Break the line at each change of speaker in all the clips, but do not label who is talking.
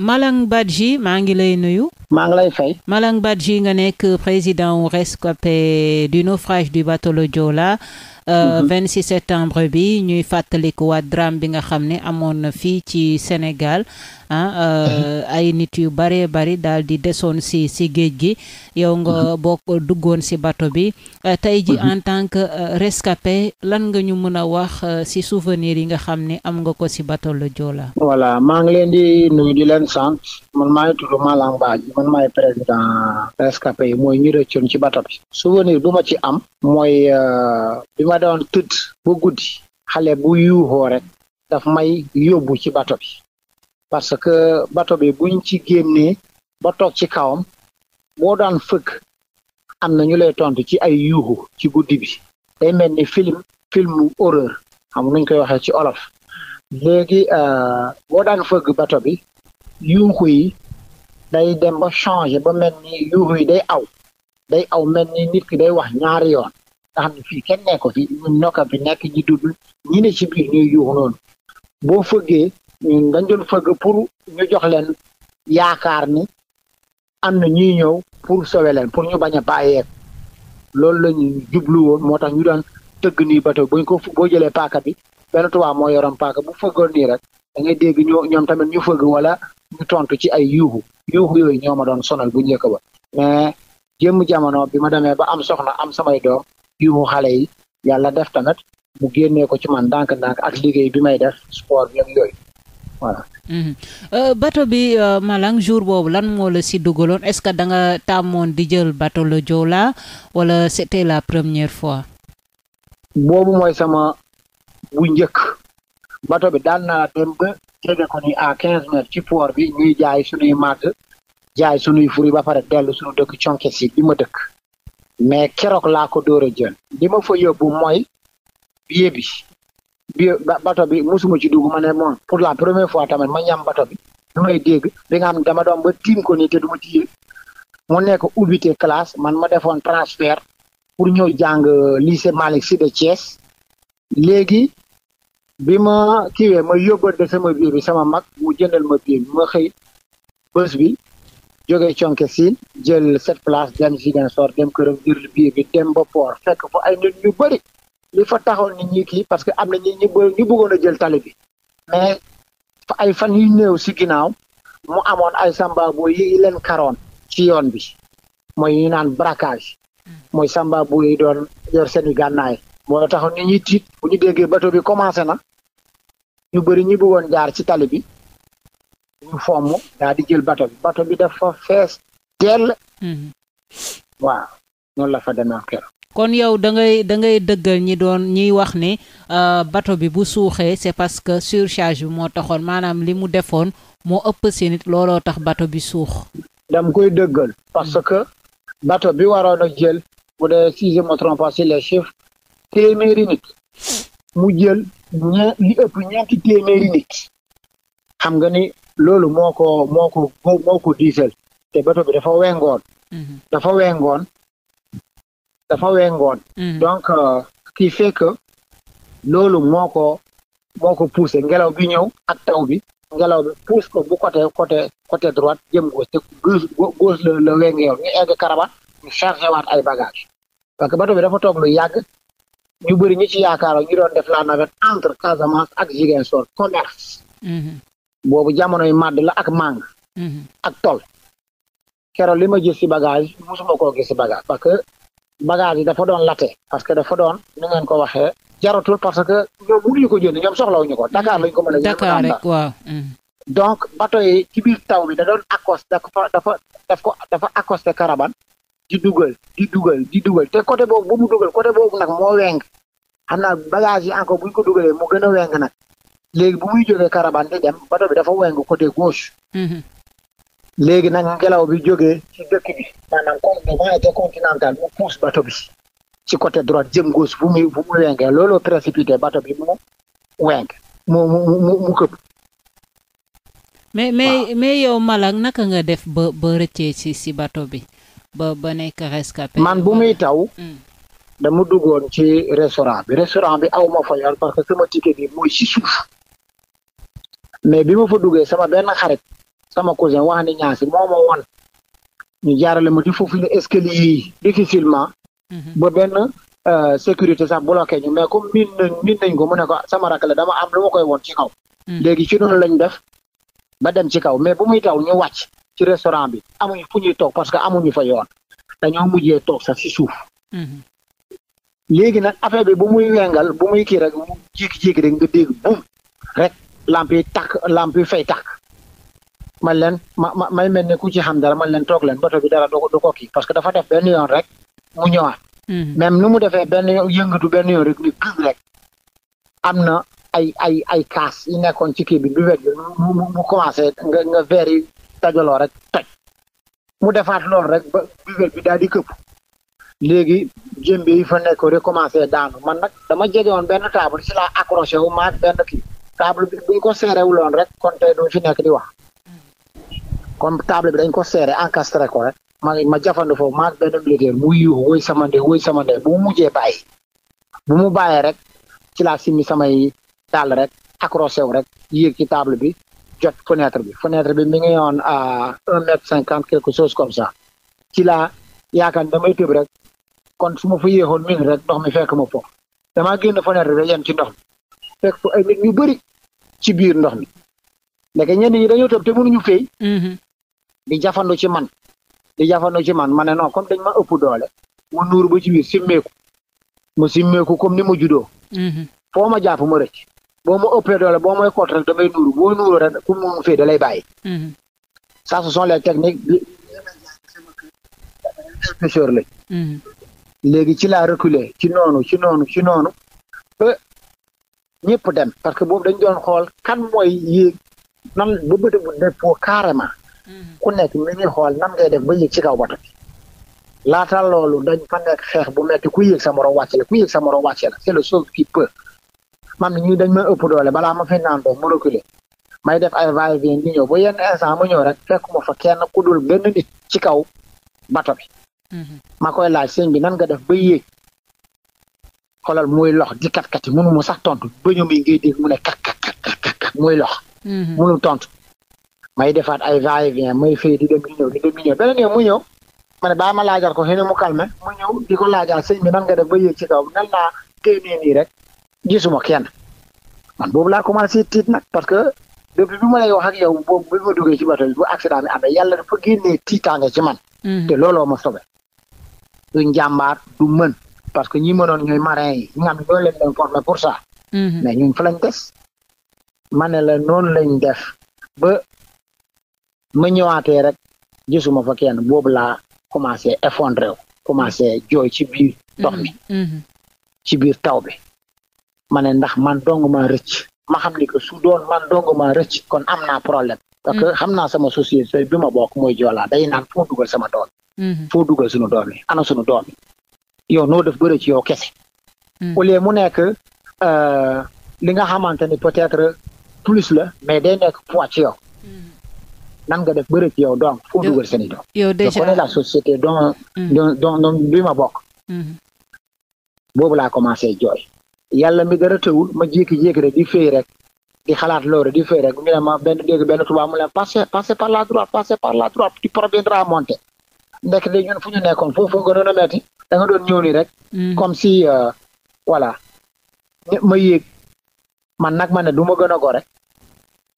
Malang Badji maa ngi lay nuyu. maa ngi nga nekk président wu rescapé du naufrage du bateau le Joola. Euh, mhm. septembre bi ñuy fàttalikuwaat drame bi nga xam ne amoon na fii ci Sénégal. ah euh, ay nit yu bëree bëri daal di desoon si si géej gi yow nga mhm. bokk duggoon si bato bi euh, tey ji mhm. en tant que euh, rescapé lan nga ñu mën a wax si souvenir yi nga xam ne am nga ko si bato le Joola
wala maa ngi leen di nuyu di leen sant man maay tudd Malang Badji man maay président rescapé yi mooy ñu rëccoon ci bato bi souvenir bu ci am mooy bi ma doon tëdd ba guddi xale bu yuuxoo rek daf may yóbbu ci bato bi parce que bato bi buñ ci génnee ba toog ci kawam boo daan fëgg am na ñu lay tontu ci ay yuuxu ci guddi bi day mel ni film film horreur xam nuñ koy waxee ci olof léegi boo euh, daan fëgg bato bi yuuxu yi day dem ba changé ba mel ni yi day aw day aw mel ni nit ki day wax ñaari yoon nga xam ne fii kenn nekko fi ñun ñokka ñi dudd ñi ne ci biir ñuy yuuxu noonu boo dañ doon fëgg pour ñu jox leen yaakaar ni am na ñuy ñëw pour sowe leen pour ñu bañ a bàyyeek loolu la ñu jublu woon moo tax ñu daan tëgg nii bu buñ ko boo jëlee paaka bi benn tubaab moo yoroon paaka bu fëggoon nii rek da ngay dégg ñoo ñoom tamit ñu fëgg wala ñu tontu ci ay yuuxu yuuxu yooyu ñoo ma doon sonal bu njëkk ba mais jëmm jamono bi ma demee ba am soxna am samay doom yuuxu xale yi yàlla def tamit mu génnee ko ci man ndànk-ndànk ak liggéey bi may def sport bi yooyu voilà. Mhm. Euh, bato
bi euh, Malang jour boobu lan moola si dugaloon est-ce que danga nga tàmmoon di jël bato la Joola wala c'était la première fois.
boobu mooy sama bu njëkk bato bi daan naa dem ba jege ko ni à quinze mètres ci port bi ñuy jaay suñuy màgg jaay suñuy furi ba pare dellu suñu dëkk conke si ma dëkk mais keroog laa ko dóor a jën li ma fa yóbbu mooy bi bato bi mosuma ci dugg ma ne moom pour la première fois tamit ma ñam bato bi lu may dégg bi nga ne dama doon ba tiim ko nii te du ma ci yéeg mu nekk ubbite classe man ma defoon transfert pour ñëw jàng euh, lycée Malick Sy de Thiès léegi bi ma kiiwee ma yóbbante sama biir bi sama mag mu jëndal ma biir bi ma xëy bés bi jógee conke siin jël sept place dem Ziguinchor dem këram jël bi dem ba port fekk fa ay nit ñu li fa taxoon nit ñi kii parce que am na ñi ñu ñu a jël tali mais ay fan yu néew si ginnaaw mu amoon ay samba booy yi leen karoon ci yoon bi mooy ñu naan braquage mm. mooy samba booy yi doon yor seen i gànnaay moo taxoon nit ñi tiit ñu déggee bateau bi commencé na ñu bëri ñu bëggoon jaar ci tali bi ñu fomm daa di jël bateau bi bateau bi dafa fees dell mm-hmm. waaw noonu la fa demee
kon yow da ngay da ngay dëggal ñi doon ñiy wax ne euh, bato bi bu suuxee c'est parce que surcharge bi moo taxoon maanaam li mu defoon moo ëpp si nit looloo tax bato bi
suux. dam koy dëggal parce que bato bi waroon a jël bu dee si je me si les chiffres téeméeri mu jël li ëpp ñeenti téeméeri xam nga ni loolu moo ko moo ko moo ko te bato bi dafa wengoon. Mhm. dafa wengoon. dafa wengoon mhm. donc euh, qui fait que loolu moo ko moo ko poussé ngelaw bi ñëw ak taw bi ngelaw bi pousse ko bu côté côté côté droite jëm gauche te gauche la la wengeewoon ñu egg karabat ñu chargé waat ay bagage parce que bato bi dafa toog lu yàgg ñu bëri ñi ci yaakaaro ñu la navette entre Casamance ak Ziguinchor commerce mhm. boobu jamonoy màdd la ak màng mhm. ak tol keroog li ma bagage musuma koo gis bagage parce bagage yi dafa doon late parce que dafa doon ni ngeen ko waxee jaratul parce que ñoom mënuñu ko jënd ñoom soxlawuñu ko Dakar lañ ko mën a. Dakar rek waaw. Mm. donc bato biir taw bi da doon accosté dafa dafa dafa dafa accosté Carabane di dugal di dugal di dugal te côté boobu bu mu dugal côté boobu nag moo weng xam naa bagage yi encore bu ñu ko dugalee mu gën a weng nag léegi bu muy jógee Carabane di dem bato bi dafa weng côté gauche. Mm-hmm. léegi nag ngelaw bi jógee ci dëkk bi maanaam mu pousse bato bi ci côté droite jëm gauche bu muy bu mu wengee looloo précipité bato bi mu weng mu mu këpp
mais mais mais yow mala naka nga def ba ba ci ci bato bi ba ba nekk rescapé man bu muy
taw mm. dama duggoon ci restaurant bi restaurant bi aw ma fa yoon parce que sama ticket bi mooy suuf mais bi ma fa duggee sama benn xarit sama cousin wax ni ñaasi moo ñu jaarale ma ci foofu ne escalier yi difficilement mhm. ba benn euh, sécurité sax bloqué ñu mais comme miin nañ miin nañ ko mu ne sama rakk la dama am lu ma koy woon ci kaw mhm. léegi ci noonu lañ def ba dem ci kaw mais bu muy taw ñu wàcc ci restaurant bi amuñu fu ñuy toog parce que amuñu fa yoon dañoo mujjee toog sax si suuf mhm. léegi nag affaire bi bu muy wengal bu muy kii rek mu jékki-jékki rek nga dégg bum rek lamp yi tàkk lamp yi fay tàkk man leen ma ma may mel ne ku ci xam dara man leen toog leen bato bi dara du ko ko kii parce que dafa def benn yoon rek mu ñëwaat. Hmm. même nu mu defee benn yëngatu benn yoon rek ni gis rek am na ay ay ay kaas yi nekkoon ci kii bi du wet mu mu mu commencé nga nga veer yi tajaloo rek toj mu defaat loolu rek ba duwet bi daal di këpp léegi jëmbe yi fa nekk recommencé daanu man nag dama jege woon benn table ci laa accroché wu maag benn bi buñ ko seerewuloon rek kon tey duñ fi nekk di wax comme table bi dañ ko serré encastré ko rek ma ma jafandu ma maag benn mu yuuxu woy sama ndey woy sama ndey bu mu mujjee bàyyi bu mu bàyyee rek ci laa simmi samay tal rek accroché wu rek yéeg ci table bi jot fenêtre bi fenêtre bi mi ngi yoon à un mètre cinquante quelque chose comme ci la yaakaar damay tëb rek kon su ma fa yéexoon rek ndox mi fekk ma foofu damaa génn fenêtre bi yen ci ndox mi fekk fa ay nit ñu ci biir ndox mi ndeke ñenn ñi dañoo tëb te mënuñu fay mm-hmm. di jafandu ci man di jafandu ci man ma ne non comme dañ ma ëpp doole mu nuur ba ci biir simmeeku mu simmeeku comme ni ma judoo mhm. foo ma jàpp ma rëcc boo ma ëppee doole boo may kot rek damay nuuru boo nuuru rek ku mu fee da lay bàyyi mhm. ça ce bi pêcheur lañ mhm. léegi ci laa reculer ci noonu ci noonu ci ñëpp dem parce que boobu dañ doon xool kan mooy yéeg nan ba bu def foo ku nekk mi ngi xool nan ngay def ba yéeg ci kaw bato bi laata loolu dañ fa nekk xeex bu metti ku yéeg sa morom wàcce la ku yéeg sa morom la c'est le chose qui ñu dañ ma ëpp doole balaa ma fi naan doon mu reculer may def ay va-et-vient di ñëw ba yenn instant ma ñëw rek fekkuma fa kenn ku dul benn nit ci kaw bato bi mhm. ma koy laaj sëñ bi nan nga def ba yéeg xoolal muy lox di kat kat yi mënu mu sax tontu ba ñu mi ngay dégg mu ne kat kat muy lox mhm. mënu tontu may defaat ay va et vient may fii di dem di ñëw di dem di ñëw beneen yoon mu ñëw ma ne baa ma laajaat ko xëy na mu calmé mu ñëw di ko nan nga def ba yéeg nan laa téye nee rek gisuma kenn man boobu la commencé tiit nag parce que depuis bi lay wax ak yow boobu bi ma duggee ci bato bi bu accident bi amee yàlla dafa génnee tiitaange mhm. te looloo ma sobe. du njàmbaar du parce que ñi mënoon ñooy marin yi ñi nga xam ne doon leen doon formé pour ça. Mhm. des. ma ne la noonu def ba ma ñëwaatee rek gisuma fa kenn boobu laa commencé effondré wu commencé jooy ci biir ndox mi mm-hmm. Mm-hmm. ci biir taw bi ma ne ndax man dong maa rëcc ma xam ni que su doon man dong maa rëcc kon am naa problème parce mm-hmm. xam naa sama société bi ma bokk mooy joolaa day naan foo sama doom foo dugal suñu doom ana suñu doom yo no noo def bëre ci yow kese au lieu mu nekk euh, li nga xamante ni peut-être plus la mais day nekk poids ci nan nga def bëri ci yow doom foo dugal seen i doom la société dont mm. dont dont bi ma bokk mm-hmm. boobu laa mi dara tëwul ma jékki-jékki rek di fay rek di xalaat loolu di fay rek ñu ne mu leen passé passé par la droite passé par la droite tu parviendras à monter de ñun fu ñu nekkoon foofu nga doon a da nga doon ñëw rek mm-hmm. comme si euh, voilà ma yéeg man nag ma ne du ma a gore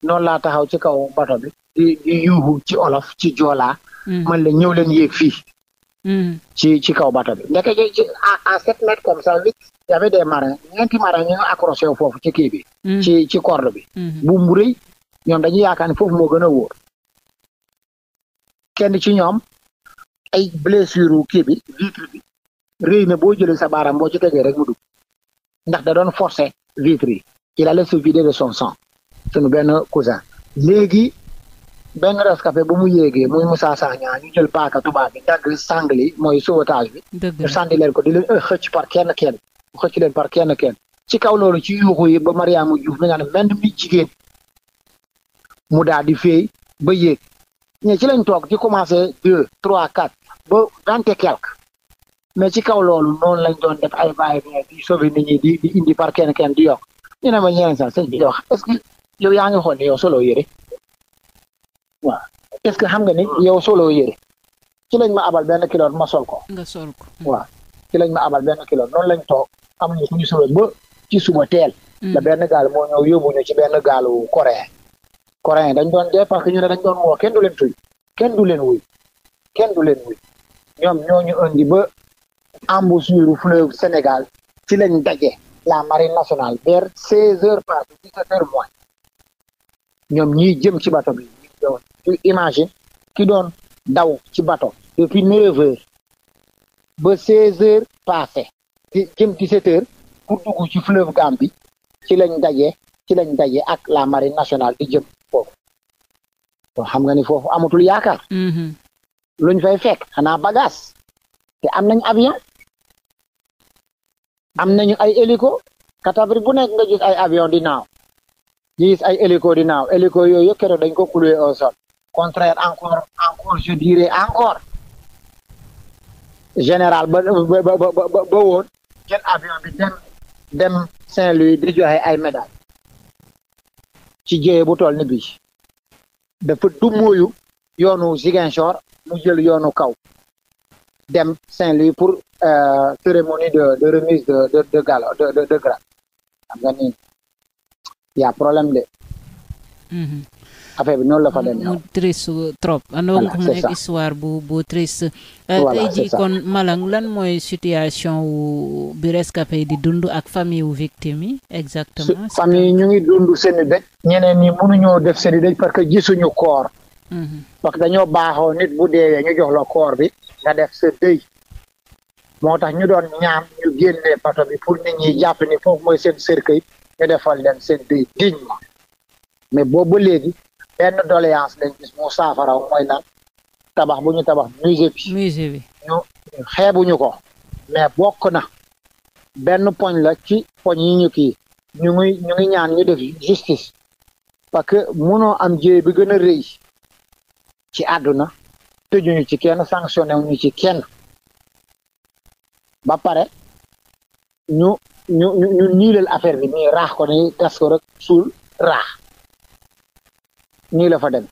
noonu laa taxaw ci kaw bato bi di di ci olof ci joolaa mm. man la ñëw leen yéeg fii mm. ci ci kaw bato bi ndeke ci ci à sept mètres comme ça vite y avait des marins ñeenti marins ñu accroché wu foofu ci kii bi mm. ci ci corde bi buum ñoom dañu yaakaar ne foofu moo gën a ci ñoom ay blessure wu kii bi vitre bi rëy na boo jëlee sa baaraam boo ci tegee rek mu dugg ndax da doon forcer vitre yi il allait se vider de suñu benn cousin léegi benn rescapé bu mu yéegee muy Moussa Sagna ñu jël paaka tubaab bi dagg sangli mooy sauvetage bi ñu sànni leen ko di leen eh, xëcc par kenn kenn xëcc par kenn kenn ci kaw loolu ci ba Mariama Diouf mi nga ne mel mi jigéen mu daal di féey ba yéeg ñe ci lañ toog di commencé deux trois quatre ba vingt quelque mais ci kaw loolu noonu lañ doon def ay bàyyi bi di sauver di indi par kenn kenn di yokk ñu ne ma ñeneen sax sëñ bi yow yaa ngi xool ne yow solo yëre ce que xam nga ni yow solo yëre ci lañ ma abal benn kilo ma sol ko. nga sol ci lañ ma abal benn kilo noonu lañ toog am fu ñu solo ba ci suba teel. la benn gaal moo ñëw yóbbu ci benn gaalu coréen. coréen dañ doon dee parce que ñu ne dañ doon woo kenn du leen tuy kenn du leen wuy kenn du leen wuy ñoom ñooñu indi ba embouchure fleuve Sénégal ci lañ daje la marine nationale vers seize heures par dix heures moins ñoom ñiy jëm ci bato bi ñu imagine ki doon daw ci bato depuis neuf heures ba seize heures passé ci jëm dix-sept pour dugg ci fleuve Gambie ci lañ daje ci lañ daje ak la marine nationale di jëm foofu xam nga ni foofu amatul yaakaar mm-hmm. luñ fay fekk xanaa bagage te am nañ avion am nañu ay hélico catégorie bu nekk nga gis ay avion di ñu ay hélico di naaw hélico yooyu yëpp keroog dañ ko clouer au contraire encore encore je encore général ba ba ba ba woon avion dem dem saint joxe ay médailles ci jéye bu toll ni bii dafa dummóoyu yoonu Ziguinchor mu jël yoonu kaw dem Saint-Louis pour euh, cérémonie de de remise de de de gala y' a problème de. Mhm. affaire bi noonu la fa demee mu
triste trop. donc mu nekk histoire bu bu triste. Euh, tey jii kon Malang lan mooy situation wu bi rescapé yi di dund ak famille wu victime yi exactement.
famille yi ñu ngi dund seen i dëj. ñeneen ñi mënuñoo def seen dëj parce que gisuñu koor. Mhm. parce que dañoo baaxoo nit bu deewee ñu jox la koor bi nga def sa moo tax ñu doon ñaan ñu génnee bato bi pour nit ñi jàpp ni foofu mooy seen cercueil. ñu defal leen seen béy dignement mais boobu ba léegi benn doléance lañ gis mu saafaraw mooy naan tabax bu ñu tabax musée bi musée bi ñu ko mais bokk na benn poñ la ci poñ yi ñu kii ñu ngi ñu ñaan ñu def justice parce que mënoo am jéey bi gën a rëy ci àdduna tëjuñu ci kenn sanctionné wuñu ci kenn ba pare ñu ñu ñu affaire bi nii raax ko nii rek suul raax nii la fa dem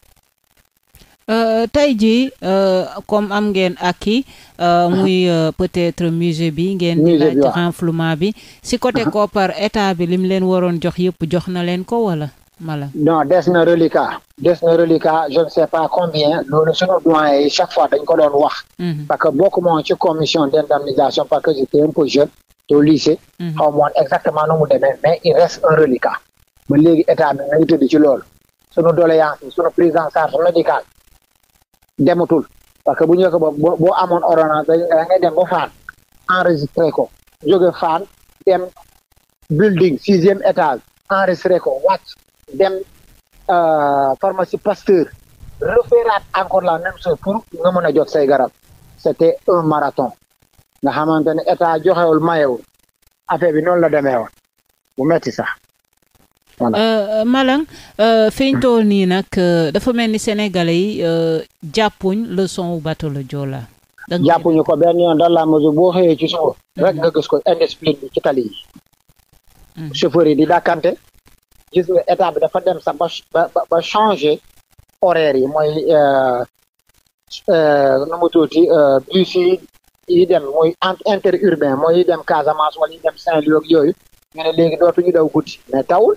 Euh, tey jii euh, comme euh, am ngeen akki euh, muy euh, peut-être musée bi ngeen di laaj renflouement bi si côté uh-huh. koppar état bi lim leen waroon jox yëpp jox na leen ko wala mala
non des na reliquat des na reliquat je ne sais pas combien loolu suñu doyen yi chaque fois dañ ko doon wax mm-hmm. parce que bokk moom ci commission d'indemnisation parce que j'étais un peu jeune au lycée. Mhm. xaw exactement nu mu demee mais il reste un reliquat. ba léegi état bi nañu ci loolu sunu doléance yi sunu prise en charge médicale dematul parce que bu ñu ko boo boo amoon ordonnance da ngay dem ba Fann enregistré ko jóge dem building sixième étage enregistré ko dem euh, pharmacie Pasteur reféraat encore la même chose pour nga jot say garab c'était un marathon nga xamante ne a joxewul mayewul affaire bi noonu la demee woon bu metti sax
euh, euh, Malang euh, fi ñu nii nag dafa mel ni sénégalais yi jàppuñ leçon wu bateau le Joola.
jàppuñu ko benn yoon dans la mesure ci suba rek nga gis ko indiscipline bi ci tali mm. yi. di dàkkante gis nga état bi dafa dem sax ba ba ba horaire yi mooy nu mu yi dem muy interurbain mooy yi dem Casamance wala yi dem Saint-Louis ak yooyu ñu ne léegi dootuñu daw guddi mais tawul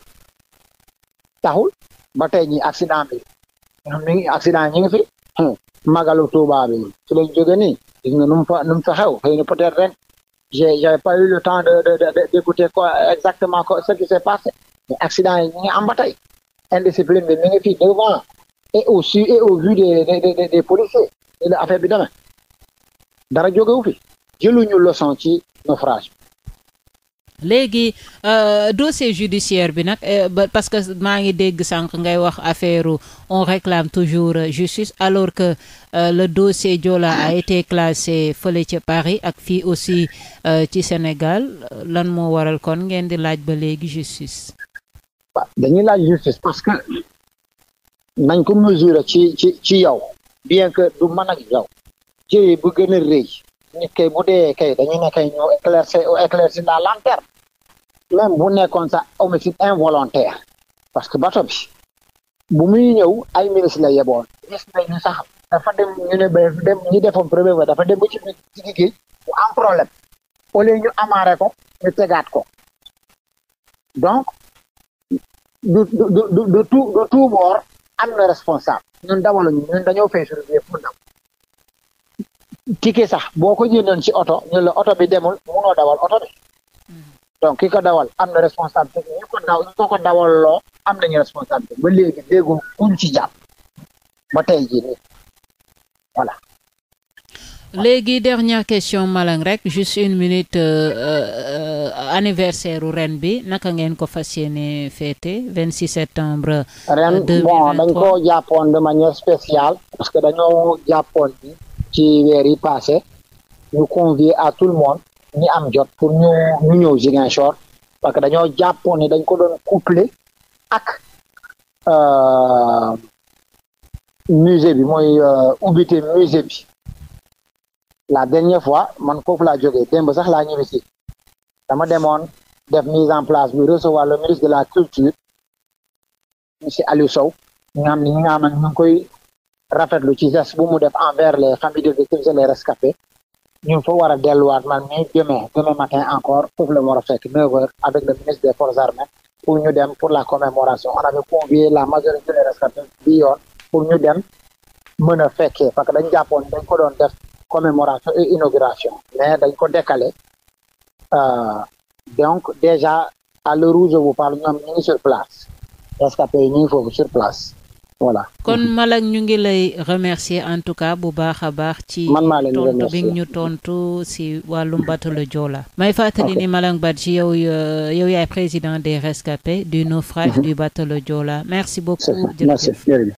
taxul ba tey ñi accident bi ñoom ñu ngi accident ñi ngi fi magalu Touba bi su lañ jóge nii gis nga nu nu mu ren j'ai j'ai pas eu le temps de de de d'écouter quoi exactement quoi ce qui s'est passé mais accident yi ñu ngi am ba tey indiscipline bi fi devant et au et au vu des des des des policiers ni la affaire bi dara jógewu fi jëluñu leçon ci naufrage
léegi euh, dossier judiciaire bi nag euh, parce que maa ngi dégg sànq ngay wax affaire on réclame toujours euh, justice alors que la euh, le dossier Joola a été classé fële ca Paris ak fii aussi ci Sénégal lan moo waral kon ngeen di laaj ba léegi justice.
waaw dañuy laaj justice parce que nañ ko mesurer ci ci bien que du mën ak yow jéyee bu gën a rëy nit kay bu dee kay dañu ne kay ñu éclaircir éclaircir la lanterne même bu nekkoon sax homicide involontaire parce que bato bi bu muy ñëw ay ministre la yeboon ñu ne ba dem ñu defoon premier ba dafa dem ba ci biir géej am problème au ñu amaare ko ñu tegaat ko donc du du du du tout du na responsable ñun dawaluñu ñun dañoo fay surveiller pour ndaw ticket sax boo ko ci oto ñu la oto bi demul munoo dawal oto bi hmm. donc ki ko dawal am na responsabilité ñi ko daw ñi ko ko dawal loo am nañu responsabilité ba léegi déggul kuñ ci jàpp ba tey jii nii
léegi dernière question Malang rek juste une minute euh, euh anniversaire ren bi naka ngeen ko fas yéene féete 26 septembre. Euh, ren bon dañ ko
jàppoon de manière spéciale parce que dañoo jàppoon bi ci weer yi passé ñu convier à tout le monde ñi am jot pour ñu ñu ñëw Ziguinchor parce que dañoo jàppoon ni dañ ko doon couplé ak euh, musée bi mooy euh, ubbite musée bi la dernière fois man foofu laa jógee démb sax laa ñibbisi dama demoon def mise en place bi recevoir le ministre de la culture monsieur Aliou Sow ñi nga xam koy rafetlu ci geste bu mu def envers les familles de victimes et les ñu fa war a delluwaat man mii demain demain matin encore foofu la war a fekk neuf avec le ministre des forces armées pour ñu dem pour la commémoration on avait convié la majorité des rescapés bi yoon pour ñu dem mën a fekkee parce que dañ jàppoon dañ ko doon def commémoration et inauguration mais dañ ko décalé euh, donc déjà à l'heure où je vous parle ñoom ñu sur place rescapés yi ñu sur place voilà. kon
Malang ñu ngi lay remercier en tout cas bu baax a baax. ci tontu bi ñu tontu si wàllum bateau le may fàttali ni Malang Badji yow euh, yow yaay président des rescapés du naufrage mhm. du bateau le Joola merci beaucoup. jërëjëf merci